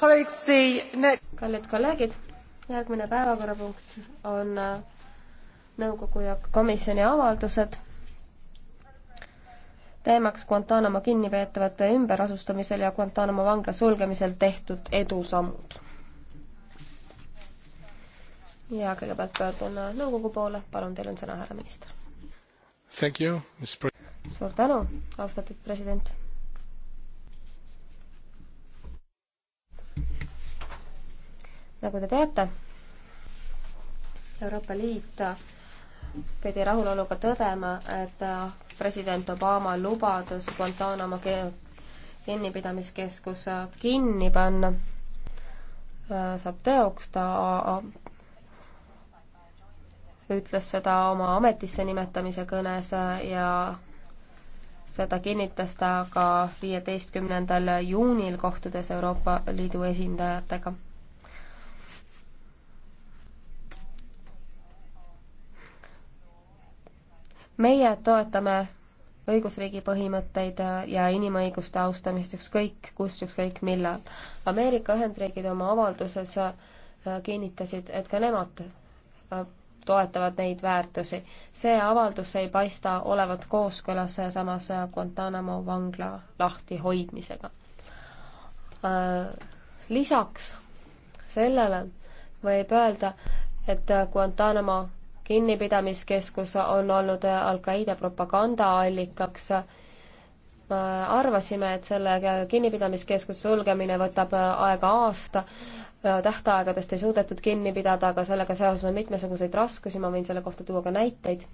kallid kolleegid, järgmine päevakorrapunkt on äh, nõukogu ja komisjoni avaldused teemaks Guantanamo kinnipeetavate ümberasustamisel ja Guantanamo vangla sulgemisel tehtud edusammud. ja kõigepealt pöördun äh, nõukogu poole, palun, teil on sõna, härra minister. suur tänu, austatud president nagu te teate, Euroopa Liit pidi rahuloluga tõdema, et president Obama lubadus Guantanamo kinnipidamiskeskus kinni panna saab teoks, ta ütles seda oma ametisse nimetamise kõnes ja seda kinnitas ta ka viieteistkümnendal juunil, kohtudes Euroopa Liidu esindajatega meie toetame õigusriigi põhimõtteid ja inimõiguste austamist ükskõik kus, ükskõik millal. Ameerika Ühendriigid oma avalduses äh, kinnitasid, et ka nemad äh, toetavad neid väärtusi. see avaldus ei paista olevat kooskõlas samas Guantanamo vangla lahtihoidmisega. Äh, lisaks sellele võib öelda, et Guantanamo kinnipidamiskeskus on olnud Al-Qaeda propagandaallikaks. arvasime, et selle kinnipidamiskeskuse sulgemine võtab aega aasta, tähtaegadest ei suudetud kinni pidada, aga sellega seoses on mitmesuguseid raskusi, ma võin selle kohta tuua ka näiteid.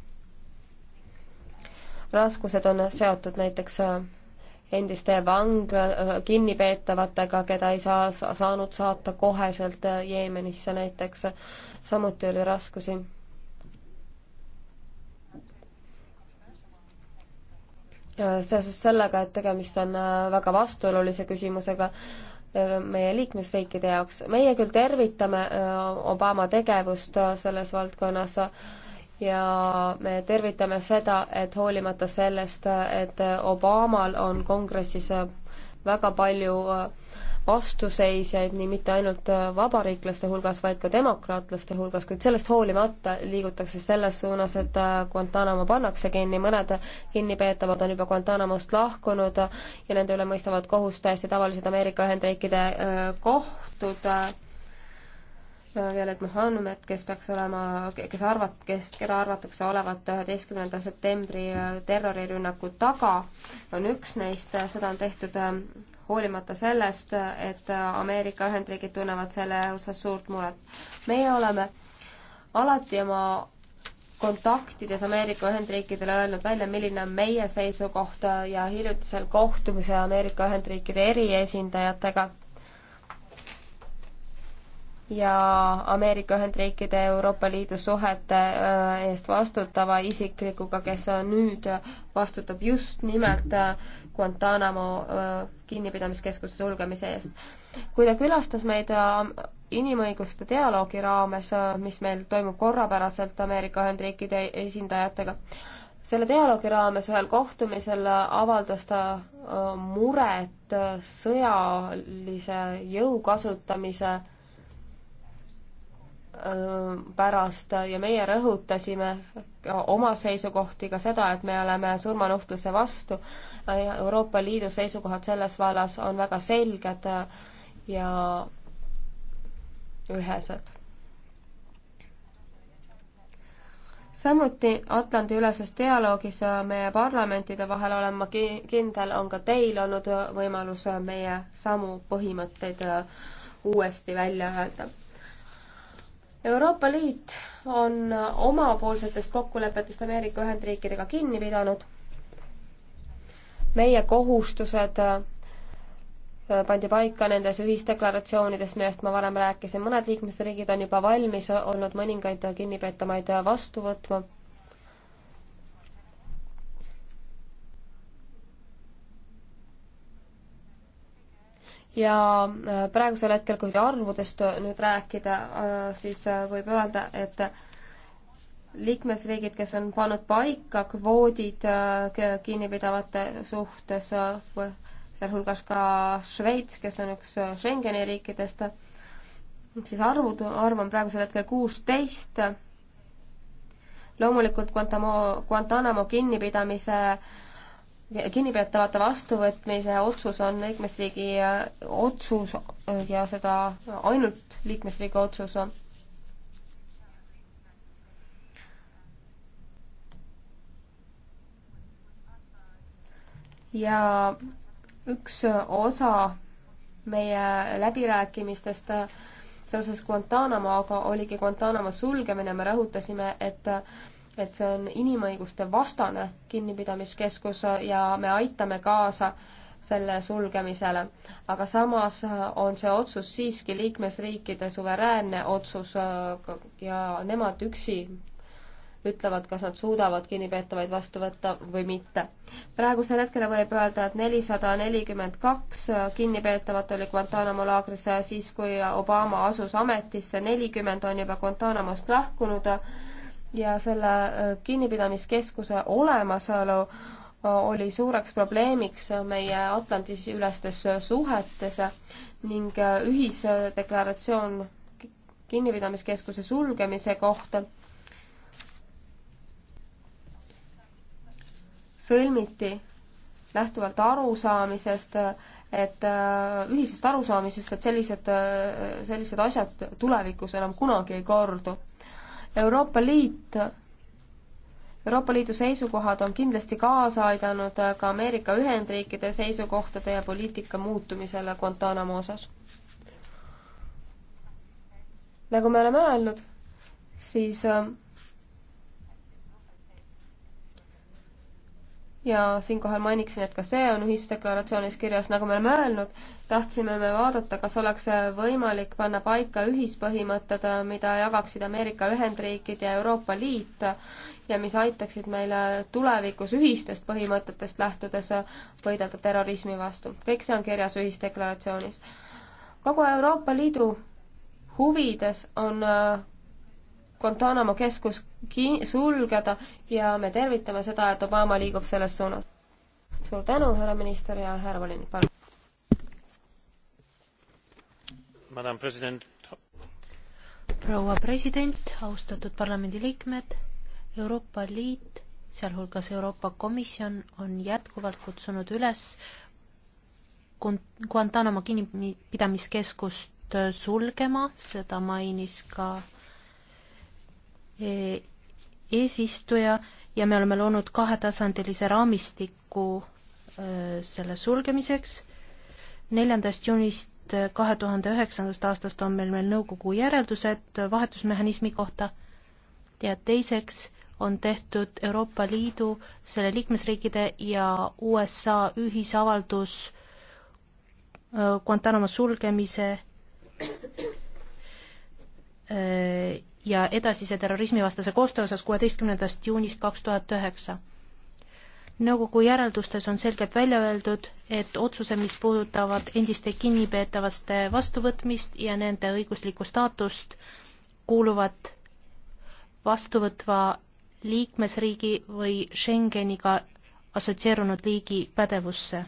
raskused on seotud näiteks endiste vang, kinnipeetavatega, keda ei saa, saanud saata koheselt Jeemenisse näiteks, samuti oli raskusi seoses sellega, et tegemist on äh, väga vastuolulise küsimusega äh, meie liikmesriikide jaoks. meie küll tervitame äh, Obama tegevust selles valdkonnas ja me tervitame seda, et hoolimata sellest, et Obamal on kongressis väga palju vastuseisjaid nii mitte ainult äh, vabariiklaste hulgas, vaid ka demokraatlaste hulgas, kuid sellest hoolimata liigutakse selles suunas, et äh, Guantanamo pannakse kinni, mõned kinnipeetavad on juba Guantanamost lahkunud ja nende üle mõistavad kohust täiesti tavalised Ameerika Ühendriikide äh, kohtud Violet Mohanumet, kes peaks olema, kes arvat-, kes, keda arvatakse olevat üheteistkümnenda septembri terrorirünnaku taga, on üks neist, seda on tehtud hoolimata sellest, et Ameerika Ühendriigid tunnevad selle osas suurt muret. meie oleme alati oma kontaktides Ameerika Ühendriikidele öelnud välja, milline on meie seisukoht ja hiljutisel kohtumisel Ameerika Ühendriikide eriesindajatega ja Ameerika Ühendriikide Euroopa Liidu suhete äh, eest vastutava isiklikuga, kes äh, nüüd vastutab just nimelt äh, Guantanamo kinnipidamiskeskuse sulgemise eest. kui ta külastas meid inimõiguste dialoogi raames, mis meil toimub korrapäraselt Ameerika Ühendriikide esindajatega, selle dialoogi raames ühel kohtumisel avaldas ta muret sõjalise jõu kasutamise pärast ja meie rõhutasime oma seisukohti ka seda, et me oleme surmanuhtluse vastu. Euroopa Liidu seisukohad selles vallas on väga selged ja ühesed. samuti Atlandi-üleses dialoogis meie parlamentide vahel olen ma kindel, on ka teil olnud võimalus meie samu põhimõtteid uuesti välja öelda Euroopa Liit on omapoolsetest kokkulepetest Ameerika Ühendriikidega kinni pidanud. meie kohustused äh, pandi paika nendes ühisdeklaratsioonides, millest ma varem rääkisin, mõned liikmesriigid on juba valmis olnud mõningaid kinnipeetamaid vastu võtma ja äh, praegusel hetkel, kui arvudest nüüd rääkida, äh, siis äh, võib öelda, et liikmesriigid, kes on pannud paika kvoodid kinnipidavate suhtes, sealhulgas ka Šveits, kes on üks Schengeni riikidest, siis arvud, arv on praegusel hetkel kuusteist. loomulikult Guantamo, Guantanamo kinnipidamise äh, kinnipeetavate vastuvõtmise otsus on liikmesriigi äh, otsus äh, ja seda ainult liikmesriigi otsus on. ja üks osa meie läbirääkimistest äh, seoses Guantanamoga oligi Guantanamo sulgemine, me rõhutasime, et et see on inimõiguste vastane kinnipidamiskeskus ja me aitame kaasa selle sulgemisele. aga samas on see otsus siiski liikmesriikide suveräänne otsus äh, ja nemad üksi ütlevad, kas nad suudavad kinnipeetavaid vastu võtta või mitte. praegusel hetkel võib öelda, et nelisada nelikümmend kaks kinnipeetavat oli Guantanamo laagris siis, kui Obama asus ametisse, nelikümmend on juba Guantanamost lahkunud ja selle äh, kinnipidamiskeskuse olemasolu äh, oli suureks probleemiks meie Atlandi-ülestes suhetes ning äh, ühisdeklaratsioon kinnipidamiskeskuse sulgemise kohta sõlmiti lähtuvalt arusaamisest, et ühisest arusaamisest, et sellised, sellised asjad tulevikus enam kunagi ei kordu Euroopa Liit, Euroopa Liidu seisukohad on kindlasti kaasa aidanud ka Ameerika Ühendriikide seisukohtade ja poliitika muutumisele Guantanamo osas. nagu me oleme öelnud, siis ähm, ja siinkohal mainiksin, et ka see on ühisdeklaratsioonis kirjas, nagu me oleme öelnud, tahtsime me vaadata, kas oleks võimalik panna paika ühispõhimõtted, mida jagaksid Ameerika Ühendriigid ja Euroopa Liit ja mis aitaksid meile tulevikus ühistest põhimõtetest lähtudes võidelda terrorismi vastu. kõik see on kirjas ühisdeklaratsioonis. kogu Euroopa Liidu huvides on Guantanamo keskus ki-, sulgeda ja me tervitame seda, et Obama liigub selles suunas. suur tänu, härra minister ja härra volinik, palun. Madam president. proua president, austatud parlamendiliikmed, Euroopa Liit, sealhulgas Euroopa Komisjon, on jätkuvalt kutsunud üles Guantanamo kinnipidamiskeskust sulgema, seda mainis ka E, eesistuja ja me oleme loonud kahetasandilise raamistiku e, selle sulgemiseks. neljandast juunist kahe tuhande üheksandast aastast on meil veel nõukogu järeldused vahetusmehhanismi kohta ja teiseks on tehtud Euroopa Liidu, selle liikmesriikide ja USA ühisavaldus e, Guantanamo sulgemise ja edasise terrorismivastase koostöö osas kuueteistkümnendast juunist kaks tuhat üheksa. nõukogu järeldustes on selgelt välja öeldud, et otsuse, mis puudutavad endiste kinnipeetavaste vastuvõtmist ja nende õiguslikku staatust, kuuluvad vastuvõtva liikmesriigi või Schengeniga assotsieerunud liigi pädevusse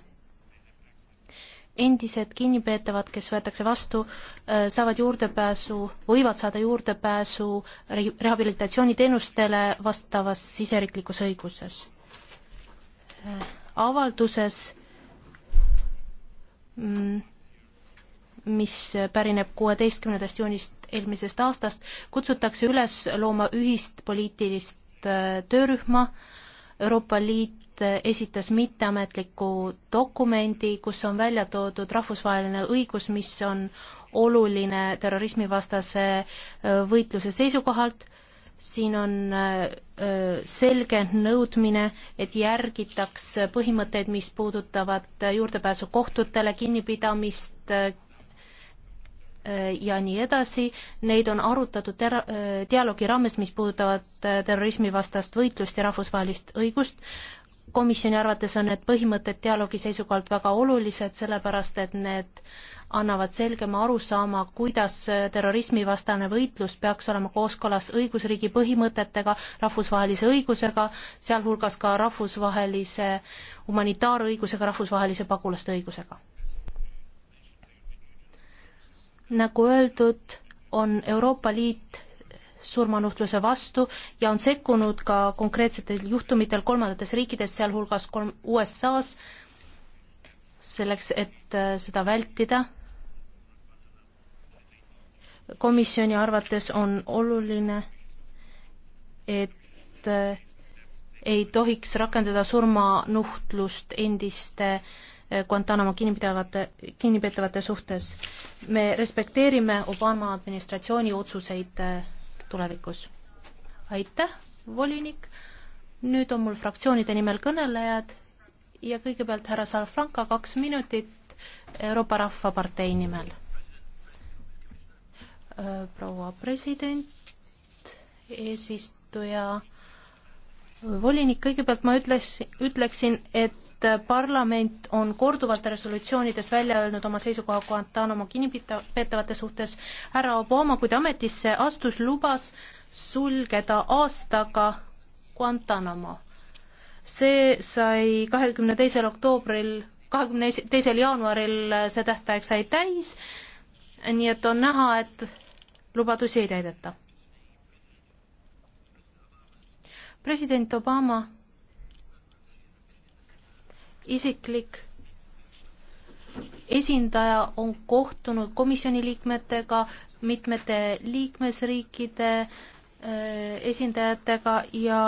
endised kinnipeetavad, kes võetakse vastu, äh, saavad juurdepääsu, võivad saada juurdepääsu rehabilitatsiooniteenustele vastavas siseriiklikus õiguses. Äh, avalduses, mm, mis pärineb kuueteistkümnendast juunist eelmisest aastast, kutsutakse üles looma ühist poliitilist äh, töörühma, Euroopa Liit esitas mitteametliku dokumendi, kus on välja toodud rahvusvaheline õigus, mis on oluline terrorismivastase võitluse seisukohalt, siin on selge nõudmine, et järgitaks põhimõtteid, mis puudutavad juurdepääsu kohtutele, kinnipidamist ja nii edasi, neid on arutatud ter-, dialoogi raames, mis puudutavad terrorismivastast võitlust ja rahvusvahelist õigust, komisjoni arvates on need põhimõtted dialoogi seisukohalt väga olulised, sellepärast et need annavad selgema arusaama, kuidas terrorismivastane võitlus peaks olema kooskõlas õigusriigi põhimõtetega, rahvusvahelise õigusega, sealhulgas ka rahvusvahelise humanitaarõigusega, rahvusvahelise pagulaste õigusega. nagu öeldud, on Euroopa Liit surmanuhtluse vastu ja on sekkunud ka konkreetsetel juhtumitel kolmandates riikides, sealhulgas kolm-, USA-s, selleks, et äh, seda vältida. komisjoni arvates on oluline, et äh, ei tohiks rakendada surmanuhtlust endiste äh, Guantanamo kinnipidavate, kinnipeetavate suhtes. me respekteerime Obama administratsiooni otsuseid tulevikus. aitäh, volinik. nüüd on mul fraktsioonide nimel kõnelejad ja kõigepealt härra Salfranca, kaks minutit Euroopa Rahvapartei nimel. Äh, proua president, eesistuja, volinik, kõigepealt ma ütles, ütleksin, et et parlament on korduvalt resolutsioonides välja öelnud oma seisukoha Guantanamo kinnipeetavate suhtes. härra Obama, kui ta ametisse astus, lubas sulgeda aastaga Guantanamo. see sai kahekümne teisel oktoobril, kahekümne teisel jaanuaril see tähtaeg sai täis, nii et on näha, et lubadusi ei täideta. president Obama isiklik esindaja on kohtunud komisjoni liikmetega, mitmete liikmesriikide äh, esindajatega ja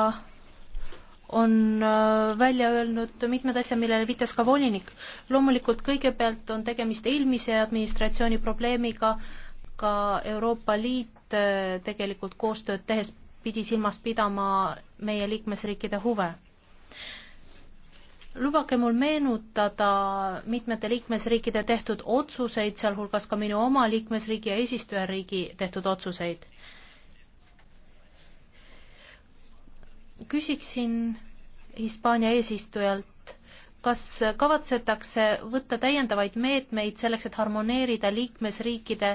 on äh, välja öelnud mitmed asjad, millele viitas ka volinik. loomulikult kõigepealt on tegemist eelmise administratsiooni probleemiga, ka Euroopa Liit äh, tegelikult koostööd tehes pidi silmas pidama meie liikmesriikide huve lubage mul meenutada mitmete liikmesriikide tehtud otsuseid, sealhulgas ka minu oma liikmesriigi ja eesistujariigi tehtud otsuseid. küsiksin Hispaania eesistujalt, kas kavatsetakse võtta täiendavaid meetmeid selleks, et harmoneerida liikmesriikide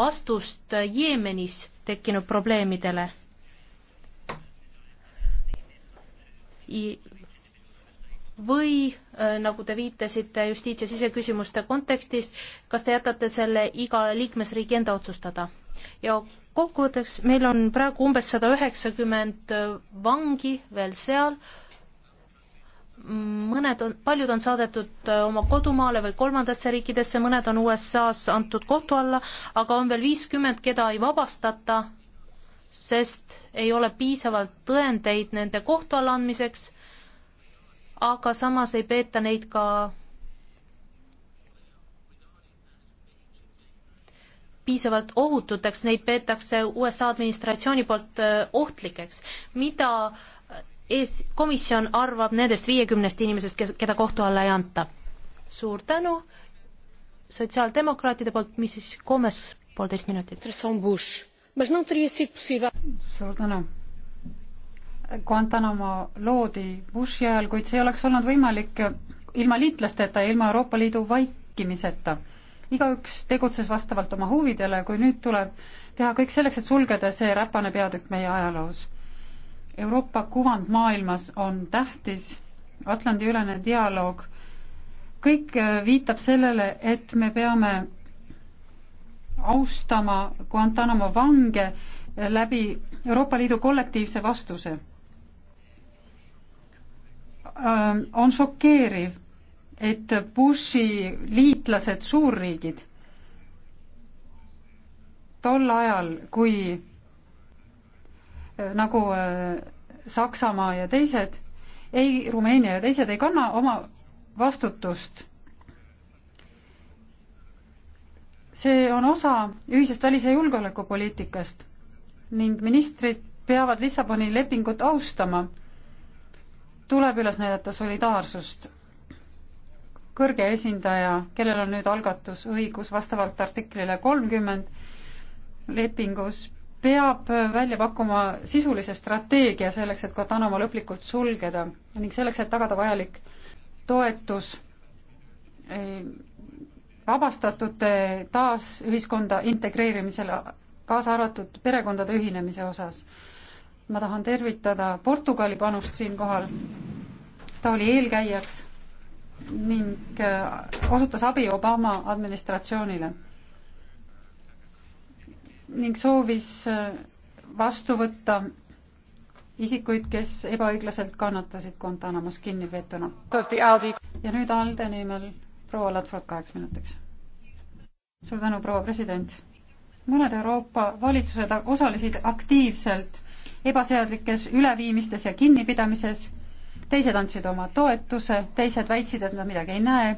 vastust Jeemenis tekkinud probleemidele I? või äh, nagu te viitasite justiits- ja siseküsimuste kontekstis, kas te jätate selle iga liikmesriigi enda otsustada? ja kokkuvõtteks, meil on praegu umbes sada üheksakümmend äh, vangi veel seal, mõned on, paljud on saadetud äh, oma kodumaale või kolmandasse riikidesse, mõned on USA-s antud kohtu alla, aga on veel viiskümmend, keda ei vabastata, sest ei ole piisavalt tõendeid nende kohtu alla andmiseks aga samas ei peeta neid ka piisavalt ohututeks, neid peetakse USA administratsiooni poolt äh, ohtlikeks. mida äh, ees, komisjon arvab nendest viiekümnest inimesest, kes, keda kohtu alla ei anta? suur tänu, sotsiaaldemokraatide poolt, mis siis, Gomes, poolteist minutit. suur tänu Guantanamo loodi Bushi ajal, kuid see oleks olnud võimalik ilma liitlasteta ja ilma Euroopa Liidu vaikimiseta. igaüks tegutses vastavalt oma huvidele, kui nüüd tuleb teha kõik selleks, et sulgeda see räpane peatükk meie ajaloos. Euroopa kuvand maailmas on tähtis, Atlandi-ülene dialoog, kõik viitab sellele, et me peame austama Guantanamo vange läbi Euroopa Liidu kollektiivse vastuse Ähm, on šokeeriv, et Bushi liitlased, suurriigid, tol ajal, kui äh, nagu äh, Saksamaa ja teised, ei, Rumeenia ja teised ei kanna oma vastutust. see on osa ühisest välis- ja julgeolekupoliitikast ning ministrid peavad Lissaboni lepingut austama tuleb üles näidata solidaarsust. kõrge esindaja, kellel on nüüd algatusõigus vastavalt artiklile kolmkümmend lepingus, peab välja pakkuma sisulise strateegia selleks, et Guantanamo lõplikult sulgeda ning selleks, et tagada vajalik toetus eh, vabastatute taas ühiskonda integreerimisele, kaasa arvatud perekondade ühinemise osas ma tahan tervitada Portugali panust siinkohal. ta oli eelkäijaks ning äh, osutas abi Obama administratsioonile ning soovis äh, vastu võtta isikuid, kes ebaõiglaselt kannatasid Guantanamos kinnipeetuna. ja nüüd ALDE nimel proua Ladford kaheks minutiks. suur tänu, proua president. mõned Euroopa valitsused osalesid aktiivselt ebaseaduslikes üleviimistes ja kinnipidamises, teised andsid oma toetuse, teised väitsid, et nad midagi ei näe.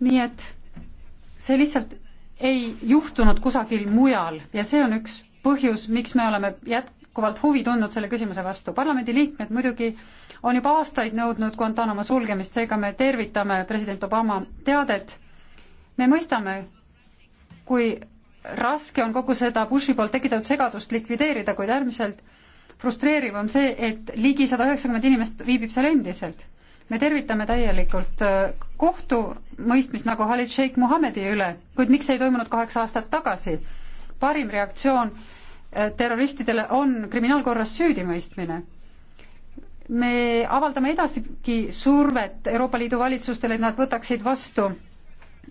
nii et see lihtsalt ei juhtunud kusagil mujal ja see on üks põhjus, miks me oleme jätkuvalt huvi tundnud selle küsimuse vastu. parlamendiliikmed muidugi on juba aastaid nõudnud Guantanamo sulgemist, seega me tervitame president Obama teadet. me mõistame, kui raske on kogu seda Bushi poolt tekitatud segadust likvideerida, kuid äärmiselt frustreeriv on see, et ligi sada üheksakümmend inimest viibib seal endiselt. me tervitame täielikult äh, kohtumõistmist nagu Khalid Sheikh Mohammedi üle, kuid miks ei toimunud kaheksa aastat tagasi? parim reaktsioon äh, terroristidele on kriminaalkorras süüdimõistmine. me avaldame edasigi survet Euroopa Liidu valitsustele, et nad võtaksid vastu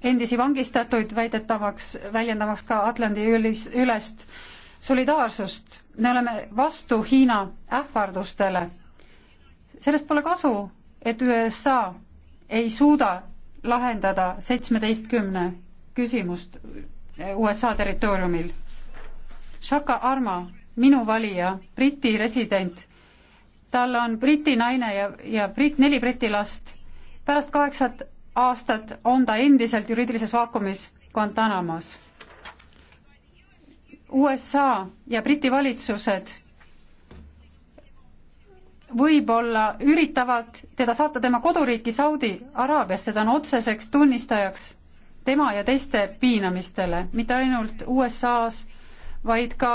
endisi vangistatuid väidetavaks, väljendamaks ka Atlandi ülis, ülest solidaarsust. me oleme vastu Hiina ähvardustele. sellest pole kasu, et USA ei suuda lahendada seitsmeteistkümne küsimust eh, USA territooriumil. Shaka Arma, minu valija, Briti resident, tal on Briti naine ja, ja Brit-, neli Briti last. pärast kaheksat aastat on ta endiselt juriidilises vaakumis Guantanamos. USA ja Briti valitsused võib-olla üritavad teda saata tema koduriiki Saudi Araabiasse, ta on otseseks tunnistajaks tema ja teiste piinamistele, mitte ainult USA-s, vaid ka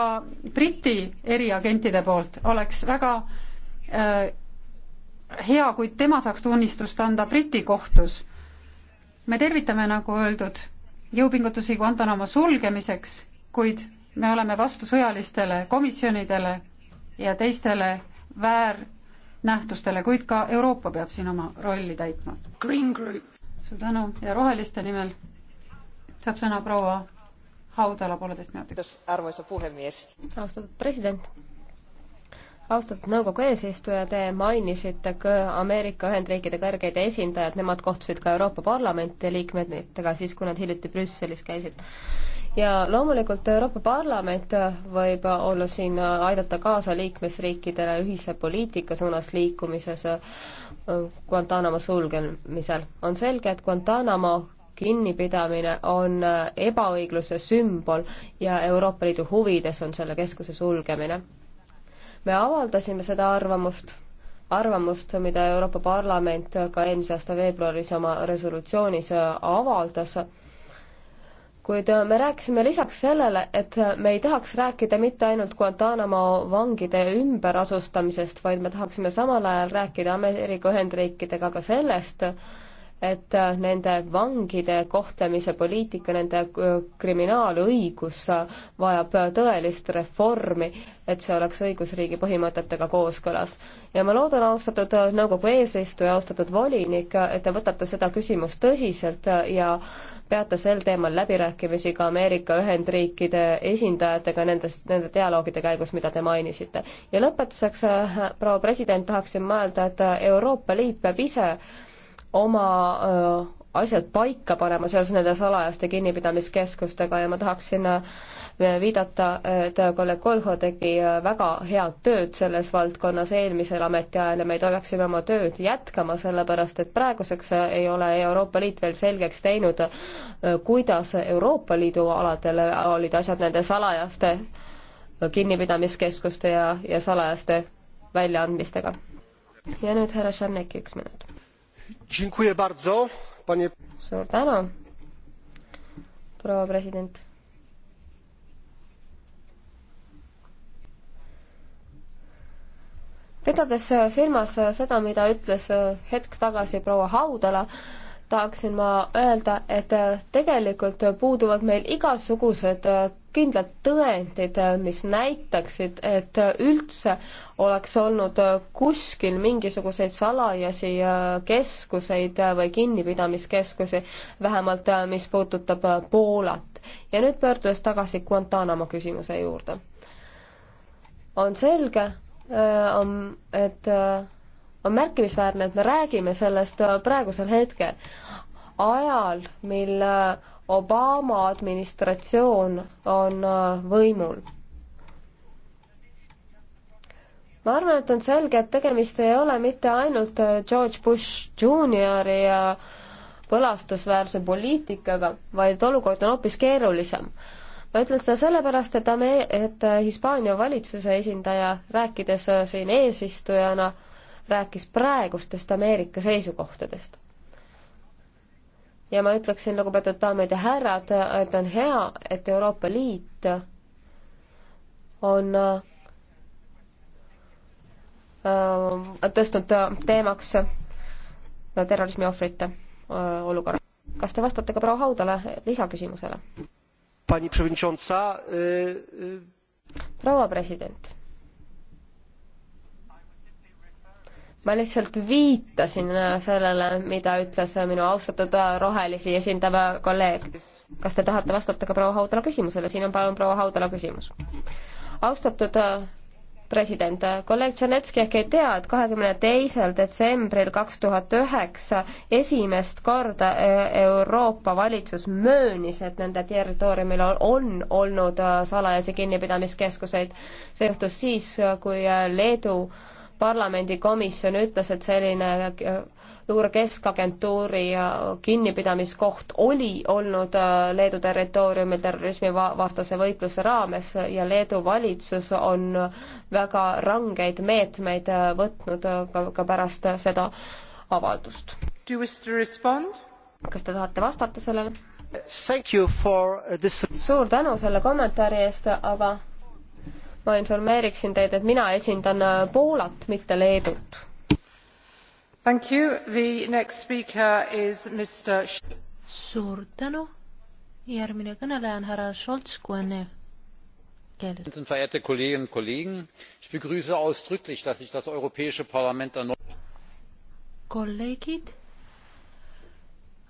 Briti eriagentide poolt oleks väga äh, hea, kui tema saaks tunnistust anda Briti kohtus me tervitame, nagu öeldud, jõupingutusi Guantanamo sulgemiseks, kuid me oleme vastu sõjalistele komisjonidele ja teistele väärnähtustele, kuid ka Euroopa peab siin oma rolli täitma. suur tänu ja Roheliste nimel saab sõna proua Haudala pooleteist minutiks. arvoisa puhemees. austatud president austatud nõukogu eesistuja, te mainisite ka Ameerika Ühendriikide kõrgeid esindajad, nemad kohtusid ka Euroopa Parlamenti liikmetega siis, kui nad hiljuti Brüsselis käisid. ja loomulikult Euroopa Parlament võib olla siin, aidata kaasa liikmesriikidele ühise poliitika suunas liikumises äh, Guantanamo sulgemisel. on selge, et Guantanamo kinnipidamine on ebaõigluse sümbol ja Euroopa Liidu huvides on selle keskuse sulgemine me avaldasime seda arvamust, arvamust, mida Euroopa Parlament ka eelmise aasta veebruaris oma resolutsioonis avaldas, kuid me rääkisime lisaks sellele, et me ei tahaks rääkida mitte ainult Guantanamo vangide ümberasustamisest, vaid me tahaksime samal ajal rääkida Ameerika Ühendriikidega ka sellest, et äh, nende vangide kohtlemise poliitika, nende äh, kriminaalõigus äh, vajab tõelist reformi, et see oleks õigusriigi põhimõtetega kooskõlas. ja ma loodan, austatud nõukogu eesistuja, austatud volinik, et te võtate seda küsimust tõsiselt ja peate sel teemal läbirääkimisi ka Ameerika Ühendriikide esindajatega nendes, nende dialoogide käigus, mida te mainisite. ja lõpetuseks, proua president, tahaksin mõelda, et Euroopa Liit peab ise oma äh, asjad paika panema seoses nende salajaste kinnipidamiskeskustega ja ma tahaksin äh, viidata, et kolleeg Kolho tegi äh, väga head tööd selles valdkonnas eelmisel ametiajal ja me toimeksime oma tööd jätkama, sellepärast et praeguseks ei ole Euroopa Liit veel selgeks teinud, kuidas Euroopa Liidu aladel olid asjad nende salajaste kinnipidamiskeskuste ja, ja salajaste väljaandmistega. ja nüüd härra Šaneki üks minut suur tänu, proua president. pidades silmas seda, mida ütles hetk tagasi proua Haudala, tahaksin ma öelda, et äh, tegelikult puuduvad meil igasugused äh, kindlad tõendid, äh, mis näitaksid, et üldse oleks olnud kuskil mingisuguseid salajasi keskuseid või kinnipidamiskeskusi, vähemalt mis puudutab Poolat. ja nüüd pöördudes tagasi Guantanamo küsimuse juurde. on selge, et on märkimisväärne, et me räägime sellest äh, praegusel hetkel, ajal, mil äh, Obama administratsioon on äh, võimul. ma arvan, et on selge, et tegemist ei ole mitte ainult George Bush Juniori põlastusväärse poliitikaga, vaid olukord on hoopis keerulisem ma ütlen seda sellepärast, et Ame-, et Hispaania valitsuse esindaja, rääkides siin eesistujana, rääkis praegustest Ameerika seisukohtadest. ja ma ütleksin, lugupeetud daamid ja härrad, et on hea, et Euroopa Liit on äh, tõstnud teemaks terrorismiohvrite äh, olukorra. kas te vastate ka proua Haudale lisaküsimusele? proua president ma lihtsalt viitasin äh, sellele, mida ütles äh, minu austatud äh, rohelisi esindav kolleeg. kas te tahate vastata ka proua Haudala küsimusele, siin on palun proua Haudala küsimus. austatud president, kolleeg Tšernetski ehk ei tea, et kahekümne teisel detsembril kaks tuhat üheksa esimest korda Euroopa valitsus möönis, et nende territooriumil on olnud salajasi kinnipidamiskeskuseid. see juhtus siis, kui Leedu äh, parlamendikomisjon ütles, et selline luure äh, keskagentuuri äh, kinnipidamiskoht oli olnud äh, Leedu territooriumil terrorismivastase võitluse raames ja Leedu valitsus on väga rangeid meetmeid võtnud ka, ka pärast seda avaldust. kas te tahate vastata sellele? suur tänu selle kommentaari eest, aga ma informeeriksin teid, et mina esindan äh, Poolat, mitte Leedut. Mr... suur tänu. järgmine kõneleja on härra Scholz, kui enne verehrte kolleginnen und kollegen! ich begrüße ausdrücklich dass sich das europäische parlament erneut kolleegid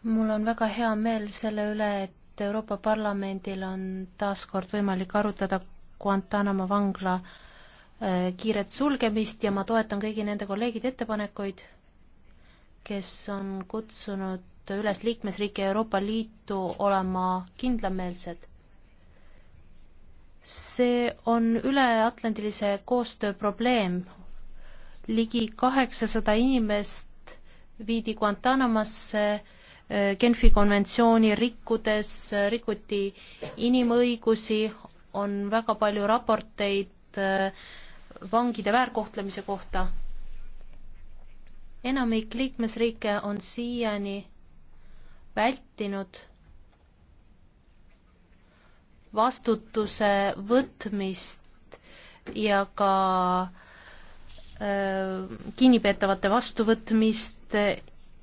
mul on väga hea meel selle üle et euroopa parlamendil on taas kord võimalik arutada Guantanamo vangla äh, kiiret sulgemist ja ma toetan kõigi nende kolleegide ettepanekuid, kes on kutsunud üles liikmesriike ja Euroopa Liitu olema kindlameelsed. see on üleatlandilise koostöö probleem. ligi kaheksasada inimest viidi Guantanamosse äh, Genfi konventsiooni rikkudes, äh, rikuti inimõigusi, on väga palju raporteid äh, vangide väärkohtlemise kohta. enamik liikmesriike on siiani vältinud vastutuse võtmist ja ka äh, kinnipeetavate vastuvõtmist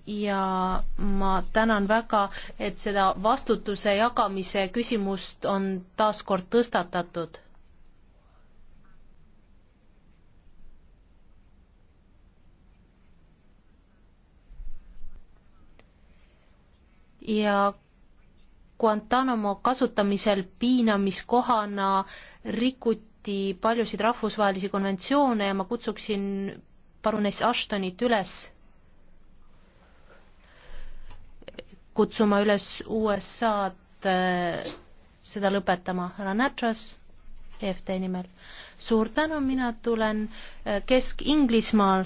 ja ma tänan väga, et seda vastutuse jagamise küsimust on taas kord tõstatatud. ja Guantanamo kasutamisel piinamiskohana rikuti paljusid rahvusvahelisi konventsioone ja ma kutsuksin paruness Ashtonit üles kutsuma üles USA-d äh, seda lõpetama. härra Natras, EFT nimel. suur tänu, mina tulen äh, Kesk-Inglismaal.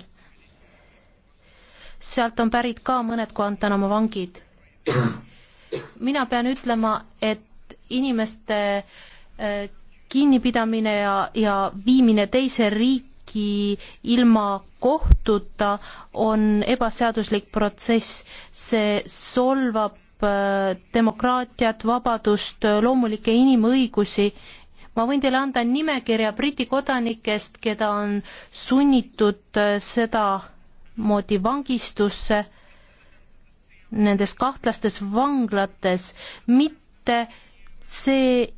sealt on pärit ka mõned Guantanamo vangid. mina pean ütlema, et inimeste äh, kinnipidamine ja, ja viimine teise riiki riiki ilma kohtuta on ebaseaduslik protsess, see solvab äh, demokraatiat, vabadust, äh, loomulikke inimõigusi. ma võin teile anda nimekirja Briti kodanikest, keda on sunnitud äh, sedamoodi vangistusse nendes kahtlastes vanglates, mitte see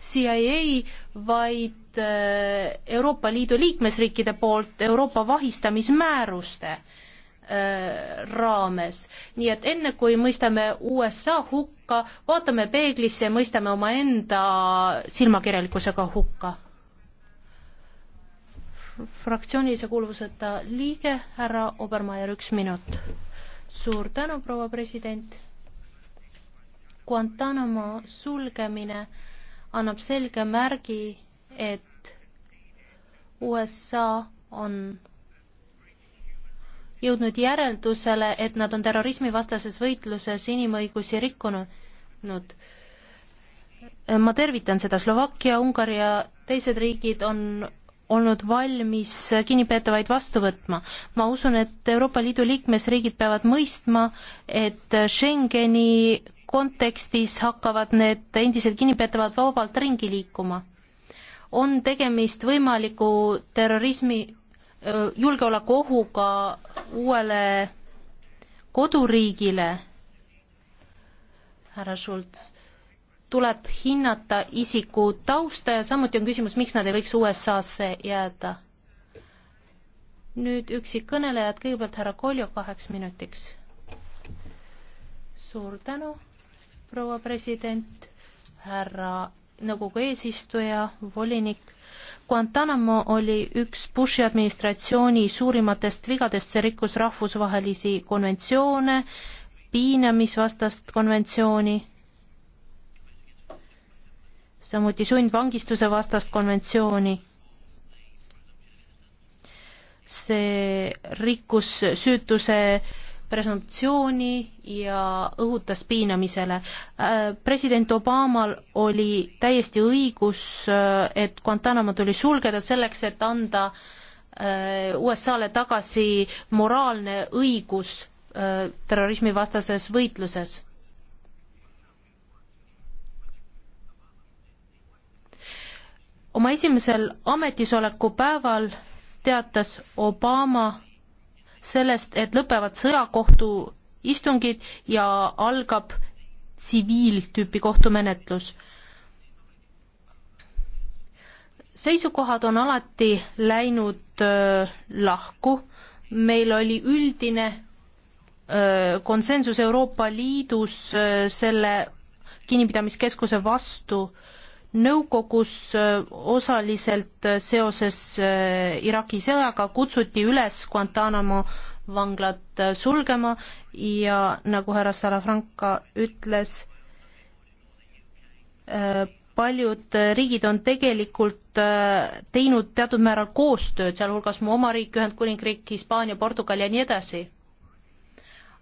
CIA, vaid vaid äh, Euroopa Liidu liikmesriikide poolt Euroopa vahistamismääruste äh, raames. nii et enne, kui mõistame USA hukka, vaatame peeglisse ja mõistame omaenda silmakirjalikkusega hukka. fraktsioonilise kuuluvuseta liige, härra Obermeier, üks minut. suur tänu, proua president. Guantanamo sulgemine annab selge märgi et USA on jõudnud järeldusele, et nad on terrorismivastases võitluses inimõigusi rikkunud. ma tervitan seda, Slovakkia, Ungari ja teised riigid on olnud valmis kinnipeetavaid vastu võtma. ma usun, et Euroopa Liidu liikmesriigid peavad mõistma, et Schengeni kontekstis hakkavad need endised kinnipeetavad vabalt ringi liikuma on tegemist võimaliku terrorismi julgeolekuohuga uuele koduriigile, härra Schultz, tuleb hinnata isiku tausta ja samuti on küsimus, miks nad ei võiks USA-sse jääda. nüüd üksikkõnelejad, kõigepealt härra Koljo kaheks minutiks. suur tänu, proua president, härra nõukogu eesistuja, volinik. Guantanamo oli üks Bushi administratsiooni suurimatest vigadest, see rikkus rahvusvahelisi konventsioone, piinamisvastast konventsiooni, samuti sundvangistuse vastast konventsiooni. see rikkus süütuse presumptsiooni ja õhutas piinamisele. Äh, president Obamal oli täiesti õigus, äh, et Guantanamo tuli sulgeda selleks, et anda äh, USA-le tagasi moraalne õigus terrorismivastases võitluses. oma esimesel ametisoleku päeval teatas Obama sellest, et lõpevad sõjakohtu istungid ja algab tsiviiltüüpi kohtumenetlus. seisukohad on alati läinud öö, lahku, meil oli üldine öö, konsensus Euroopa Liidus öö, selle kinnipidamiskeskuse vastu öö, nõukogus äh, osaliselt äh, seoses äh, Iraagi sõjaga kutsuti üles Guantanamo vanglat sulgema ja nagu härra Salafranca ütles, paljud riigid on tegelikult teinud teatud määral koostööd, sealhulgas mu oma riik, Ühendkuningriik, Hispaania, Portugal ja nii edasi.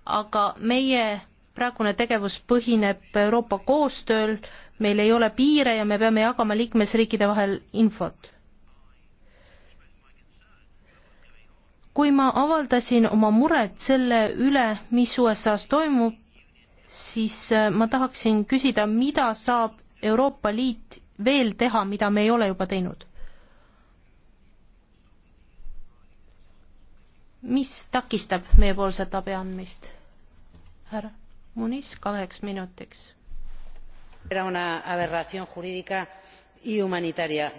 aga meie praegune tegevus põhineb Euroopa koostööl, meil ei ole piire ja me peame jagama liikmesriikide vahel infot. kui ma avaldasin oma muret selle üle, mis USA-s toimub, siis äh, ma tahaksin küsida, mida saab Euroopa Liit veel teha, mida me ei ole juba teinud? mis takistab meiepoolset abi andmist? härra Munis, kaheks minutiks era una aberración jurídica y humanitaria.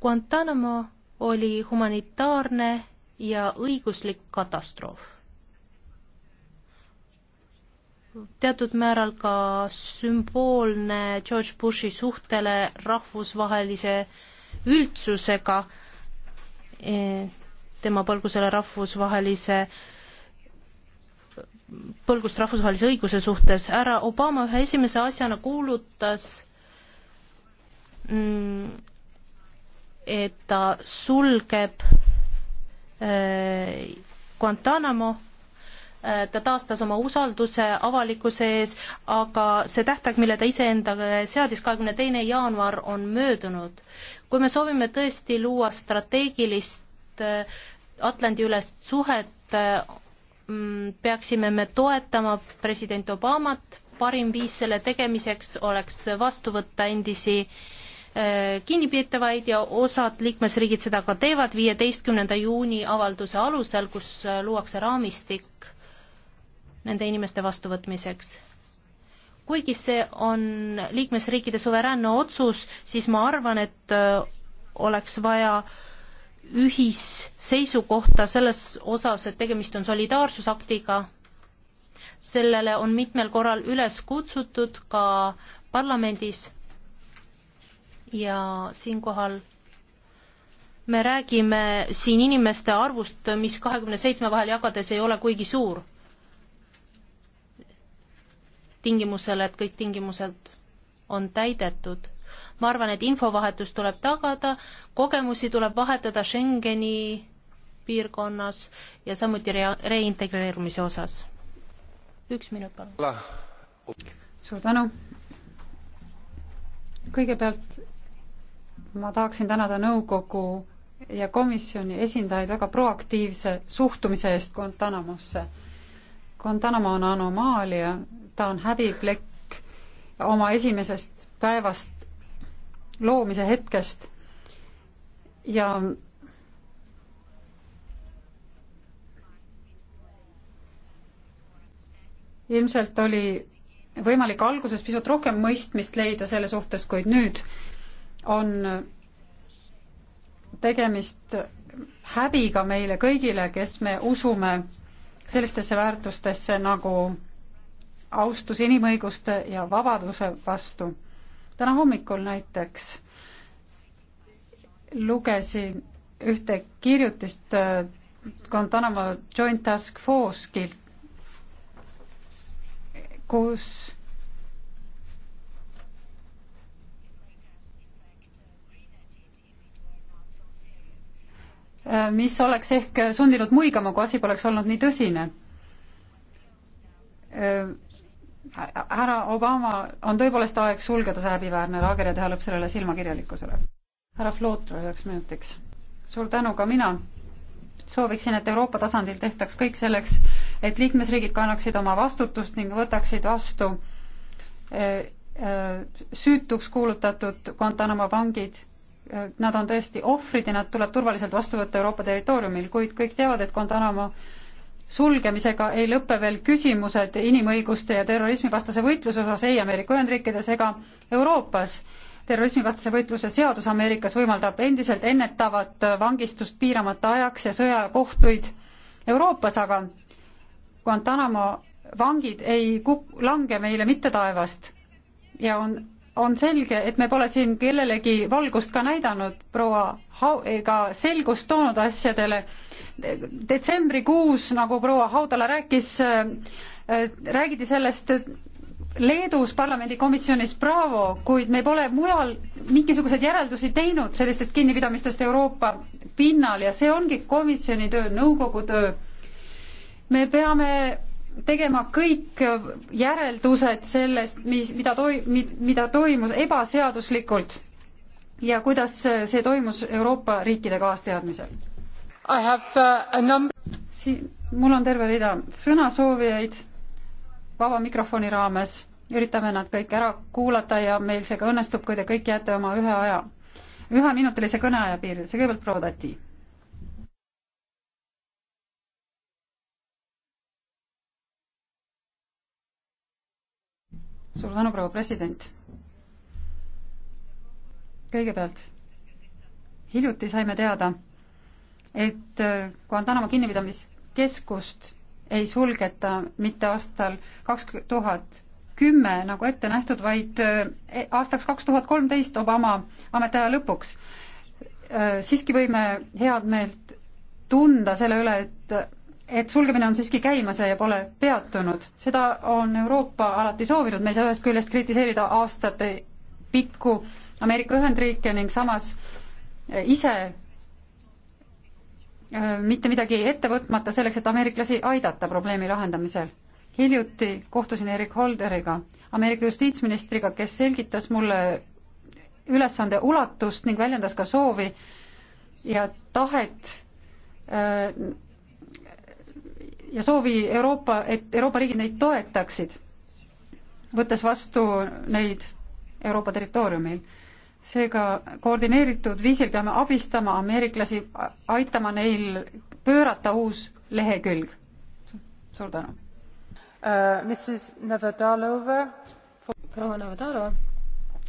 Guantanamo oli humanitaarne ja õiguslik katastroof. teatud määral ka sümboolne George Bushi suhtele rahvusvahelise üldsusega, eh, tema põlgusele rahvusvahelise äh, põlgust rahvusvahelise õiguse suhtes. härra Obama ühe esimese asjana kuulutas, mm, et ta sulgeb äh, Guantanamo, äh, ta taastas oma usalduse avalikkuse ees, aga see tähtaeg, mille ta iseendale seadis, kahekümne teine jaanuar, on möödunud. kui me soovime tõesti luua strateegilist äh, Atlandi-ülest suhet, Mm, peaksime me toetama president Obamat, parim viis selle tegemiseks oleks vastu võtta endisi äh, kinnipeetavaid ja osad liikmesriigid seda ka teevad viieteistkümnenda juuni avalduse alusel, kus äh, luuakse raamistik nende inimeste vastuvõtmiseks. kuigi see on liikmesriikide suveräänne otsus, siis ma arvan, et äh, oleks vaja äh, ühisseisukohta selles osas, et tegemist on solidaarsusaktiga. sellele on mitmel korral üles kutsutud ka parlamendis ja siinkohal me räägime siin inimeste arvust, mis kahekümne seitsme vahel jagades ei ole kuigi suur. tingimusel, et kõik tingimused on täidetud ma arvan, et infovahetus tuleb tagada, kogemusi tuleb vahetada Schengeni piirkonnas ja samuti rea-, reintegreerumise osas. üks minut, palun. suur tänu. kõigepealt ma tahaksin tänada nõukogu ja komisjoni esindajaid väga proaktiivse suhtumise eest Guantanamosse. Guantanamo on anomaalia, ta on häbiplekk oma esimesest päevast loomise hetkest ja ilmselt oli võimalik alguses pisut rohkem mõistmist leida selle suhtes, kuid nüüd on tegemist häbiga meile kõigile, kes me usume sellistesse väärtustesse nagu austus inimõiguste ja vabaduse vastu täna hommikul näiteks lugesin ühte kirjutist äh, Guantanamo Joint Task Force'ilt, kus äh, mis oleks ehk sundinud muigama, kui asi poleks olnud nii tõsine äh, härra Obama, on tõepoolest aeg sulgeda see häbiväärne laager ja teha lõpp sellele silmakirjalikkusele. härra Flootre üheks minutiks. suur tänu ka mina. sooviksin, et Euroopa tasandil tehtaks kõik selleks, et liikmesriigid kannaksid oma vastutust ning võtaksid vastu eh, eh, süütuks kuulutatud Guantanamo vangid. Nad on tõesti ohvrid ja nad tuleb turvaliselt vastu võtta Euroopa territooriumil, kuid kõik teavad, et Guantanamo sulgemisega ei lõpe veel küsimused inimõiguste ja terrorismivastase võitluse osas ei Ameerika Ühendriikides ega Euroopas. terrorismivastase võitluse seadus Ameerikas võimaldab endiselt ennetavat vangistust piiramata ajaks ja sõjakohtuid Euroopas, aga Guantanamo vangid ei kuk-, lange meile mitte taevast ja on on selge, et me pole siin kellelegi valgust ka näidanud, proua Hau-, ega selgust toonud asjadele detsembrikuus, nagu proua Haudala rääkis, äh, räägiti sellest Leedus parlamendikomisjonis Bravo, kuid me pole mujal mingisuguseid järeldusi teinud sellistest kinnipidamistest Euroopa pinnal ja see ongi komisjoni töö, nõukogu töö. me peame tegema kõik järeldused sellest, mis, mida toi-, mida toimus ebaseaduslikult ja kuidas see toimus Euroopa riikide kaasteadmisel Uh, Number... siin, mul on terve rida sõnasoovijaid vaba mikrofoni raames, üritame nad kõik ära kuulata ja meil see ka õnnestub, kui te kõik jääte oma ühe aja, üheminutilise kõneaja piiridesse, kõigepealt proua Tati suur tänu, proua president. kõigepealt, hiljuti saime teada, et Guantanamo äh, kinnipidamiskeskust ei sulgeta mitte aastal kaks tuhat kümme nagu ette nähtud, vaid äh, e, aastaks kaks tuhat kolmteist Obama ametiaja lõpuks. Äh, siiski võime head meelt tunda selle üle, et et sulgemine on siiski käimas ja pole peatunud. seda on Euroopa alati soovinud, me ei saa ühest küljest kritiseerida aastate pikku Ameerika Ühendriike ning samas ise Äh, mitte midagi ette võtmata selleks, et ameeriklasi aidata probleemi lahendamisel. hiljuti kohtusin Erik Holderiga, Ameerika justiitsministriga, kes selgitas mulle ülesande ulatust ning väljendas ka soovi ja tahet äh, ja soovi Euroopa, et Euroopa riigid neid toetaksid, võttes vastu neid Euroopa territooriumil seega koordineeritud viisil peame abistama ameeriklasi, aitama neil pöörata uus lehekülg. suur tänu uh,. proua Navadalova,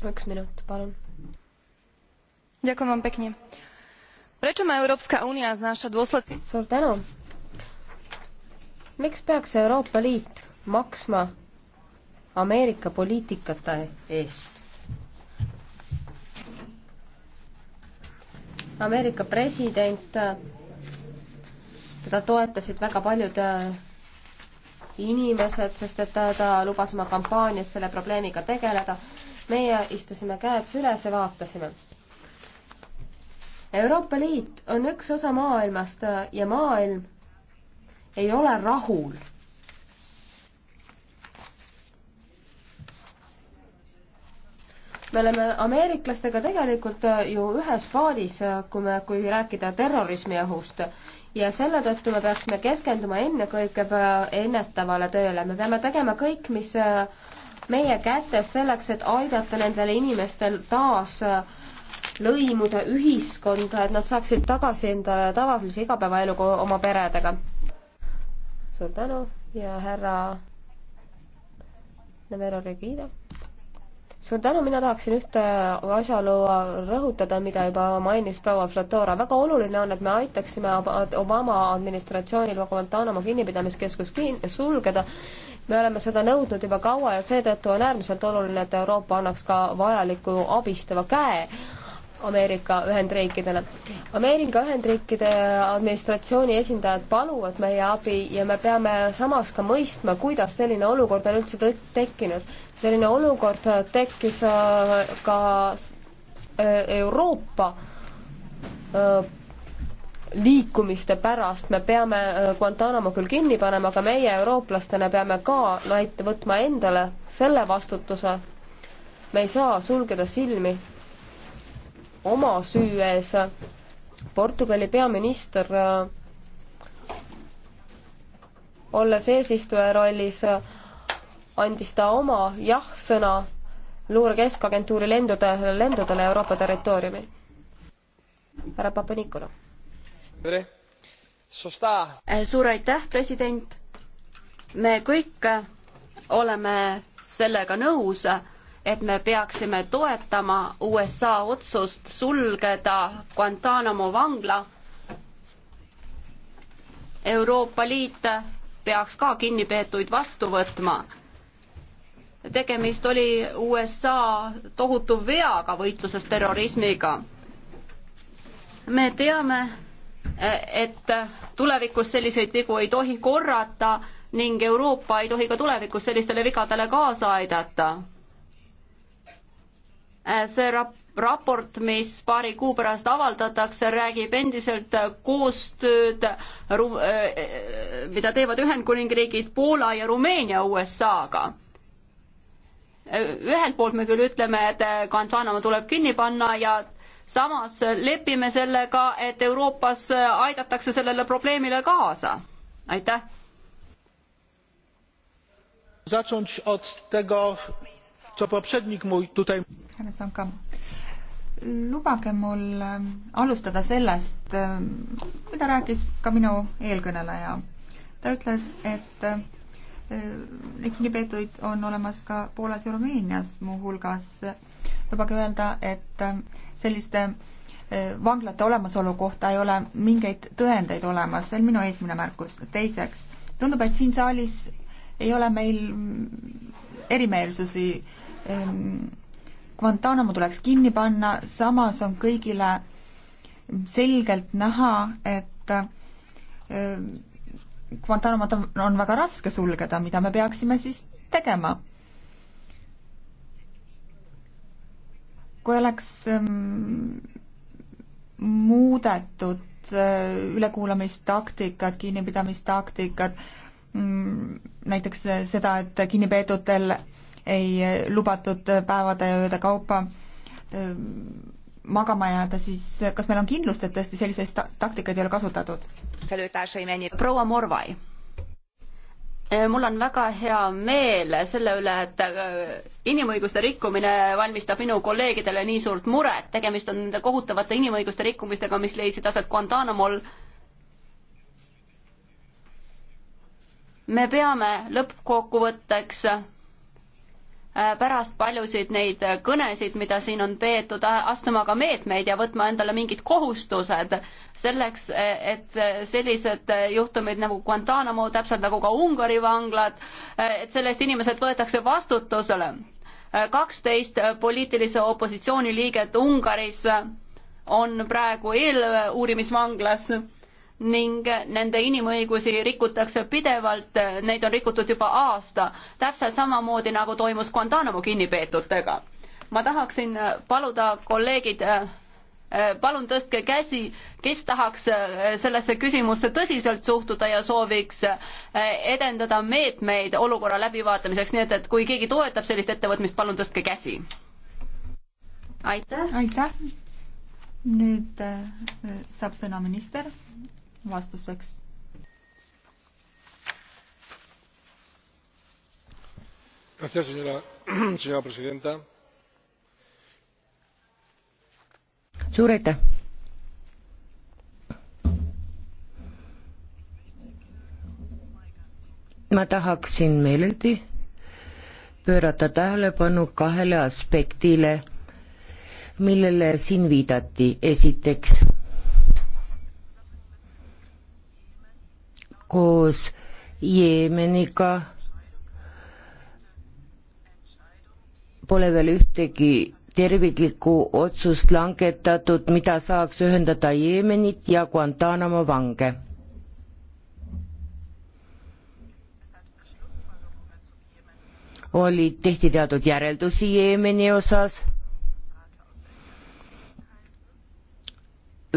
üks minut, palun. prečo má Európska únia znáša dôsledky? suur tänu. miks peaks Euroopa Liit maksma Ameerika poliitikate eest? Ameerika president, teda toetasid väga paljud äh, inimesed, sest et ta, ta lubas oma kampaanias selle probleemiga tegeleda. meie istusime käed süles ja vaatasime. Euroopa Liit on üks osa maailmast äh, ja maailm ei ole rahul me oleme ameeriklastega tegelikult äh, ju ühes paadis, äh, kui me, kui rääkida terrorismi ohust ja selle tõttu me peaksime keskenduma ennekõike äh, ennetavale tööle, me peame tegema kõik, mis meie kätes selleks, et aidata nendel inimestel taas lõimuda ühiskonda, et nad saaksid tagasi enda tavalise igapäevaelu oma peredega. suur tänu ja härra Nevero Regina suur tänu, mina tahaksin ühte asjaolu rõhutada, mida juba mainis proua Flatora. väga oluline on, et me aitaksime Obama administratsioonil Guantanamo kinnipidamiskeskus kin-, sulgeda. me oleme seda nõudnud juba kaua ja seetõttu on äärmiselt oluline, et Euroopa annaks ka vajaliku abistava käe Ameerika Ühendriikidele. Ameerika Ühendriikide administratsiooni esindajad paluvad meie abi ja me peame samas ka mõistma, kuidas selline olukord on üldse tekkinud. selline olukord tekkis äh, ka äh, Euroopa äh, liikumiste pärast me peame Guantanamo küll kinni panema, aga meie eurooplastena peame ka näite võtma endale selle vastutuse. me ei saa sulgeda silmi oma süü ees. Portugali peaminister, äh, olles eesistuja rollis, äh, andis ta oma jah-sõna luure keskagentuuri lendude, lendudele Euroopa territooriumil. härra Papanikula. Äh, suur aitäh, president. me kõik oleme sellega nõus et me peaksime toetama USA otsust sulgeda Guantanamo vangla. Euroopa Liit peaks ka kinnipeetuid vastu võtma. tegemist oli USA tohutu veaga võitluses terrorismiga. me teame, et tulevikus selliseid vigu ei tohi korrata ning Euroopa ei tohi ka tulevikus sellistele vigadele kaasa aidata Äh, see rap-, raport, mis paari kuu pärast avaldatakse, räägib endiselt koostööd, äh, mida teevad Ühendkuningriigid Poola ja Rumeenia USA-ga. Äh, ühelt poolt me küll ütleme, et Guantanamo tuleb kinni panna ja samas lepime sellega, et Euroopas aidatakse sellele probleemile kaasa. aitäh. zacząć od tego, co poprzednik mój tutaj härra Sanka, lubage mul ähm, alustada sellest, ähm, mida rääkis ka minu eelkõneleja. ta ütles, et äh, kinnipeetuid on olemas ka Poolas ja Rumeenias muuhulgas. lubage öelda, et ähm, selliste äh, vanglate olemasolu kohta ei ole mingeid tõendeid olemas, see on minu esimene märkus. teiseks, tundub, et siin saalis ei ole meil mm, erimeelsusi Guantanamo tuleks kinni panna, samas on kõigile selgelt näha, et äh, Guantanamot on, on väga raske sulgeda, mida me peaksime siis tegema. kui oleks ähm, muudetud äh, ülekuulamistaktikat, kinnipidamistaktikat, mm, näiteks seda, et kinnipeetutel ei lubatud päevade ja ööde kaupa magama jääda, siis kas meil on kindlust, et tõesti selliseid taktikaid ei ole kasutatud? proua Morvai. mul on väga hea meel selle üle, et äh, inimõiguste rikkumine valmistab minu kolleegidele nii suurt muret, tegemist on nende kohutavate inimõiguste rikkumistega, mis leidsid aset Guantanamol me peame lõppkokkuvõtteks Äh, pärast paljusid neid kõnesid, mida siin on peetud, astuma ka meetmeid ja võtma endale mingid kohustused selleks, e-, et sellised juhtumid nagu Guantanamo, täpselt nagu ka Ungari vanglad, e-, et selle eest inimesed võetakse vastutusele. E, kaksteist poliitilise opositsiooni liiget Ungaris on praegu eeluurimisvanglas ning nende inimõigusi rikutakse pidevalt, neid on rikutud juba aasta, täpselt samamoodi nagu toimus Guantanamo kinnipeetutega. ma tahaksin paluda kolleegid, äh, äh, palun tõstke käsi, kes tahaks äh, sellesse küsimusse tõsiselt suhtuda ja sooviks edendada meetmeid olukorra läbivaatamiseks, nii et, et kui keegi toetab sellist ettevõtmist, palun tõstke käsi. aitäh. aitäh. nüüd saab sõna minister vastuseks. suur aitäh! ma tahaksin meeleldi pöörata tähelepanu kahele aspektile, millele siin viidati. esiteks koos Jeemeniga pole veel ühtegi terviklikku otsust langetatud, mida saaks ühendada Jeemenit ja Guantanamo vange. olid, tehti teatud järeldusi Jeemeni osas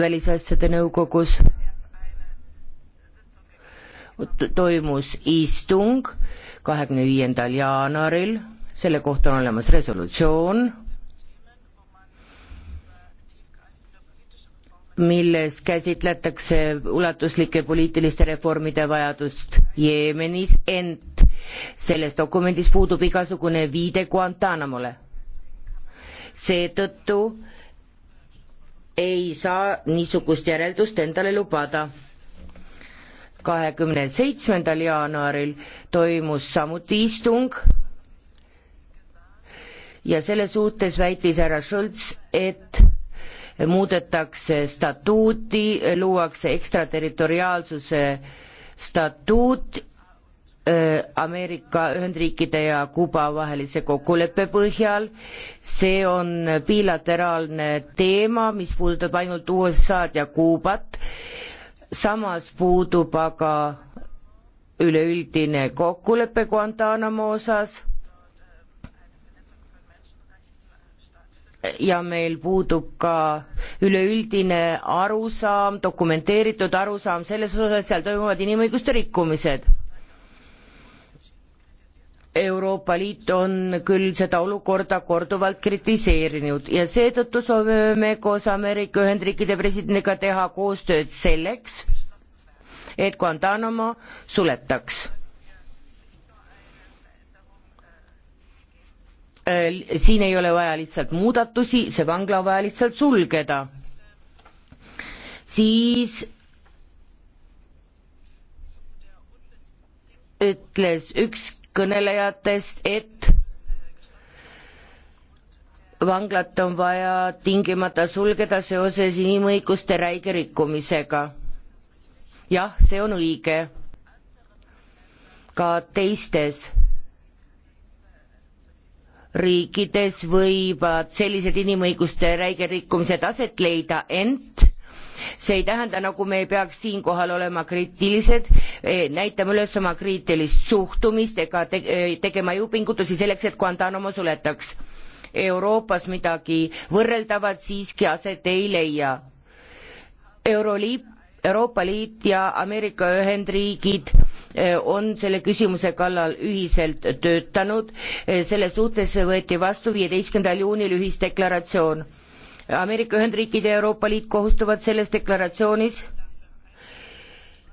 välisasjade nõukogus toimus istung kahekümne viiendal jaanuaril, selle kohta on olemas resolutsioon, milles käsitletakse ulatuslike poliitiliste reformide vajadust Jeemenis, ent selles dokumendis puudub igasugune viide Guantanamole. seetõttu ei saa niisugust järeldust endale lubada kahekümne seitsmendal jaanuaril toimus samuti istung ja selle suhtes väitis härra Schulz, et muudetakse statuuti, luuakse ekstraterritoriaalsuse statuut äh, Ameerika Ühendriikide ja Kuuba vahelise kokkuleppe põhjal. see on bilateraalne teema, mis puudutab ainult USA-d ja Kuubat samas puudub aga üleüldine kokkulepe Guantanamo osas ja meil puudub ka üleüldine arusaam, dokumenteeritud arusaam selles osas, et seal toimuvad inimõiguste rikkumised Euroopa Liit on küll seda olukorda korduvalt kritiseerinud ja seetõttu soovime me koos Ameerika Ühendriikide presidendiga teha koostööd selleks, et Guantanamo suletaks äh, siin ei ole vaja lihtsalt muudatusi, see vangla on vaja lihtsalt sulgeda. siis ütles üks kõnelejatest, et vanglat on vaja tingimata sulgeda seoses inimõiguste räige rikkumisega. jah, see on õige. ka teistes riikides võivad sellised inimõiguste räige rikkumised aset leida, ent see ei tähenda nagu me ei peaks siinkohal olema kriitilised eh, näitama üles oma kriitilist suhtumist ega te eh, tegema jõupingutusi selleks et guantanamo suletaks euroopas midagi võrreldavat siiski aset ei leia euroliit euroopa liit ja ameerika ühendriigid eh, on selle küsimuse kallal ühiselt töötanud selles suhtes võeti vastu 1 juunil ühisdeklaratsioon Ameerika Ühendriigid ja Euroopa Liit kohustuvad selles deklaratsioonis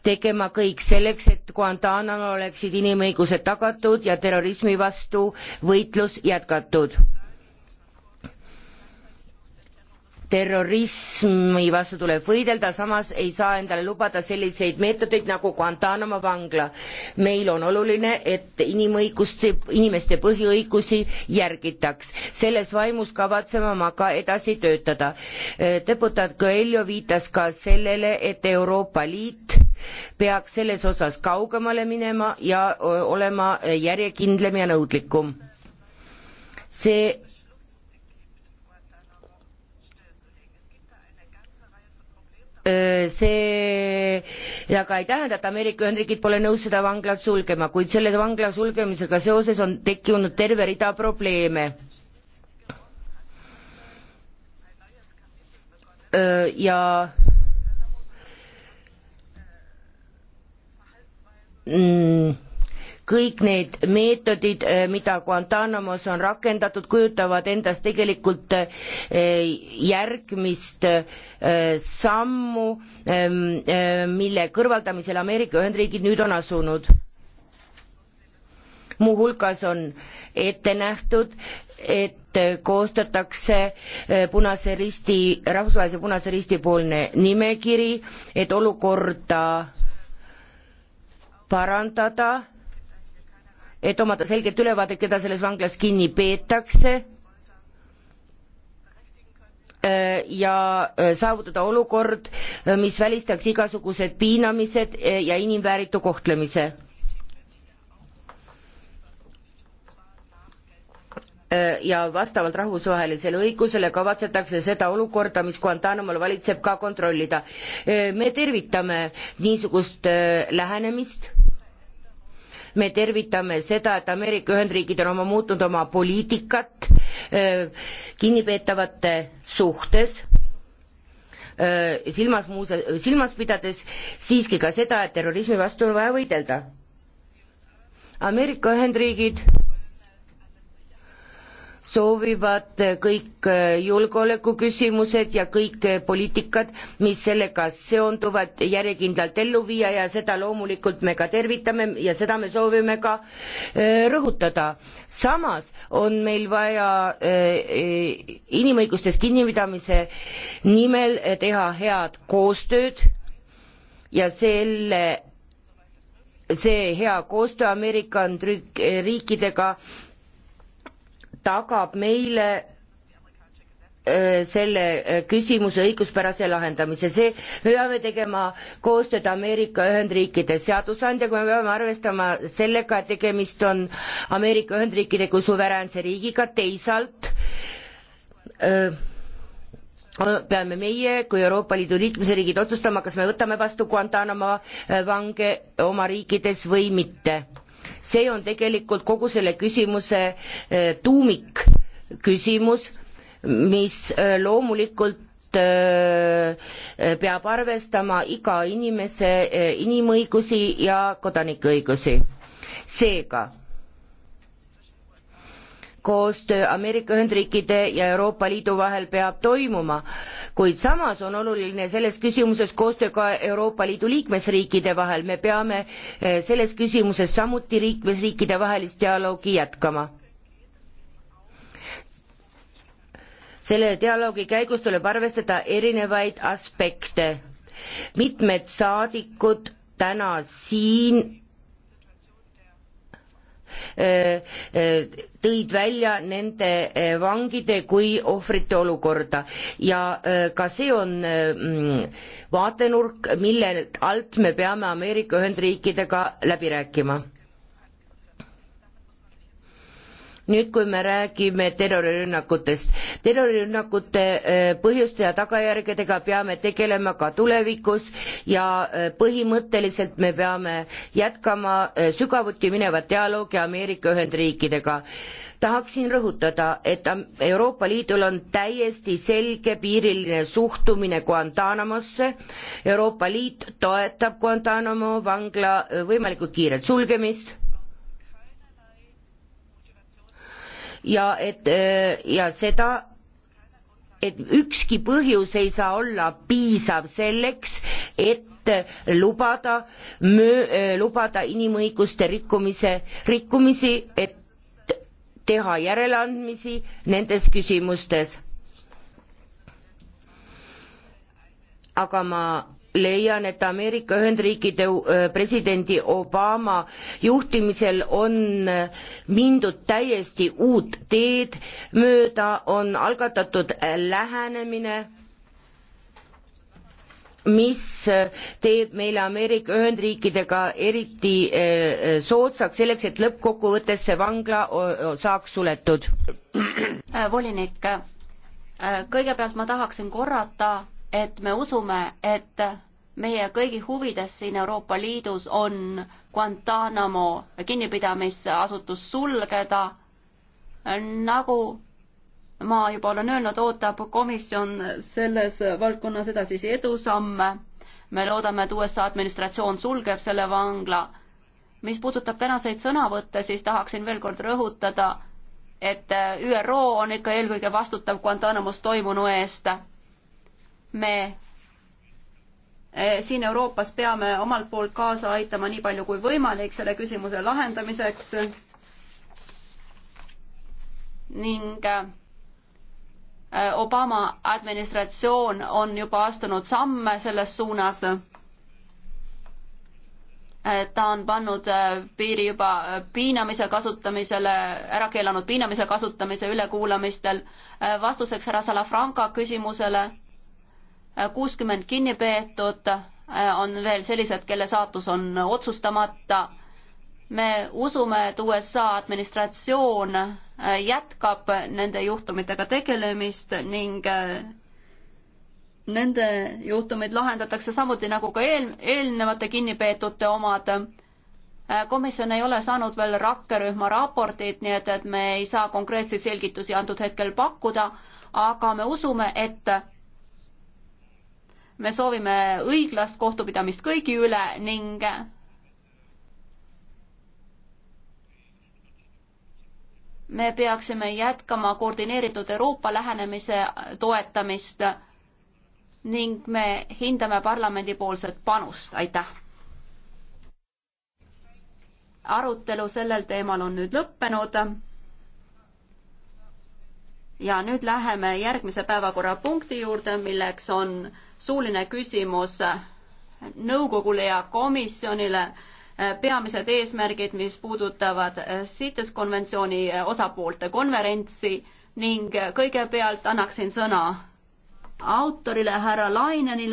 tegema kõik selleks, et Guantanamo oleksid inimõigused tagatud ja terrorismi vastu võitlus jätkatud terrorismi vastu tuleb võidelda, samas ei saa endale lubada selliseid meetodeid nagu Guantanamo vangla. meil on oluline, et inimõiguste, inimeste põhiõigusi järgitaks. selles vaimus kavatseme ma ka edasi töötada. Äh, deputaat Coelho viitas ka sellele, et Euroopa Liit peaks selles osas kaugemale minema ja olema järjekindlam ja nõudlikum. see Äh, see aga ei tähenda, et Ameerika Ühendriigid pole nõus seda vanglat sulgema, kuid selle vangla sulgemisega seoses on tekkinud terve rida probleeme. Äh, ja mm, kõik need meetodid, eh, mida Guantanamos on rakendatud, kujutavad endast tegelikult eh, järgmist eh, sammu, ehm, mille kõrvaldamisel Ameerika Ühendriigid nüüd on asunud muuhulgas on ette nähtud, et koostatakse Punase Risti, Rahvusvahelise Punase Risti poolne nimekiri, et olukorda parandada et omada selget ülevaadet, keda selles vanglas kinni peetakse äh, ja äh, saavutada olukord, äh, mis välistaks igasugused piinamised ja inimvääritu kohtlemise. ja vastavalt rahvusvahelisele õigusele kavatsetakse seda olukorda, mis Guantanamol valitseb, ka kontrollida. me tervitame niisugust lähenemist me tervitame seda, et Ameerika Ühendriigid on oma muutnud oma poliitikat äh, kinnipeetavate suhtes äh, silmas muuse-, silmas pidades siiski ka seda, et terrorismi vastu on vaja võidelda. Ameerika Ühendriigid soovivad kõik äh, julgeolekuküsimused ja kõik äh, poliitikad, mis sellega seonduvad, järjekindlalt ellu viia ja seda loomulikult me ka tervitame ja seda me soovime ka äh, rõhutada. samas on meil vaja inimõigustest kinnipidamise nimel teha head koostööd ja selle see hea koostöö Ameerika Ühendriikidega tagab meile selle küsimuse õiguspärase lahendamise, see, me peame tegema koostööd Ameerika Ühendriikide seadusandjaga, me peame arvestama sellega, et tegemist on Ameerika Ühendriikide kui suveräänse riigiga, teisalt öö, peame meie kui Euroopa Liidu liikmesriigid otsustama, kas me võtame vastu Guantanamo vange oma riikides või mitte see on tegelikult kogu selle küsimuse eh, tuumikküsimus, mis eh, loomulikult eh, peab arvestama iga inimese inimõigusi ja kodanikuõigusi. seega koostöö Ameerika Ühendriikide ja Euroopa Liidu vahel peab toimuma, kuid samas on oluline selles küsimuses koostöö ka Euroopa Liidu liikmesriikide vahel, me peame eh, selles küsimuses samuti liikmesriikide vahelist dialoogi jätkama. selle dialoogi käigus tuleb arvestada erinevaid aspekte. mitmed saadikud täna siin Äh, äh, tõid välja nende äh, vangide kui ohvrite olukorda ja ka see on mm, vaatenurk, mille alt me peame Ameerika Ühendriikidega läbi rääkima nüüd, kui me räägime terrorirünnakutest. terrorirünnakute äh, põhjuste ja tagajärgedega peame tegelema ka tulevikus ja äh, põhimõtteliselt me peame jätkama äh, sügavuti minevat dialoogi Ameerika Ühendriikidega. tahaksin rõhutada, et Euroopa Liidul on täiesti selgepiiriline suhtumine Guantanamosse, Euroopa Liit toetab Guantanamo vangla võimalikult kiiret sulgemist ja et äh, ja seda, et ükski põhjus ei saa olla piisav selleks, et lubada, äh, lubada inimõiguste rikkumise, rikkumisi, et teha järeleandmisi nendes küsimustes. aga ma leian, et Ameerika Ühendriikide äh, presidendi Obama juhtimisel on äh, mindud täiesti uut teed mööda, on algatatud äh, lähenemine, mis teeb meile Ameerika Ühendriikidega eriti soodsaks selleks, et lõppkokkuvõttes see vangla saaks suletud. volinik, kõigepealt ma tahaksin korrata et me usume, et meie kõigi huvides siin Euroopa Liidus on Guantanamo kinnipidamisasutus sulgeda. nagu ma juba olen öelnud, ootab komisjon selles valdkonnas edasisi edusamme. me loodame, et USA administratsioon sulgeb selle vangla. mis puudutab tänaseid sõnavõtte, siis tahaksin veel kord rõhutada, et ÜRO on ikka eelkõige vastutav Guantanamos toimunu eest me eh, siin Euroopas peame omalt poolt kaasa aitama nii palju kui võimalik selle küsimuse lahendamiseks ning eh, Obama administratsioon on juba astunud samme selles suunas. Eh, ta on pannud piiri juba piinamise kasutamisele, ära keelanud piinamise kasutamise ülekuulamistel. vastuseks härra Salafranca küsimusele kuuskümmend kinni peetud, äh, on veel sellised, kelle saatus on otsustamata. me usume, et USA administratsioon äh, jätkab nende juhtumitega tegelemist ning äh, nende juhtumid lahendatakse samuti nagu ka eel, eelnevate kinnipeetute omad. komisjon ei ole saanud veel rakkerühma raportit, nii et, et me ei saa konkreetseid selgitusi antud hetkel pakkuda, aga me usume, et me soovime õiglast kohtupidamist kõigi üle ning me peaksime jätkama koordineeritud Euroopa lähenemise toetamist ning me hindame parlamendipoolset panust, aitäh! arutelu sellel teemal on nüüd lõppenud. ja nüüd läheme järgmise päevakorrapunkti juurde, milleks on suuline küsimus nõukogule ja komisjonile peamised eesmärgid, mis puudutavad CITES konventsiooni osapoolte konverentsi ning kõigepealt annaksin sõna autorile härra Lainenile.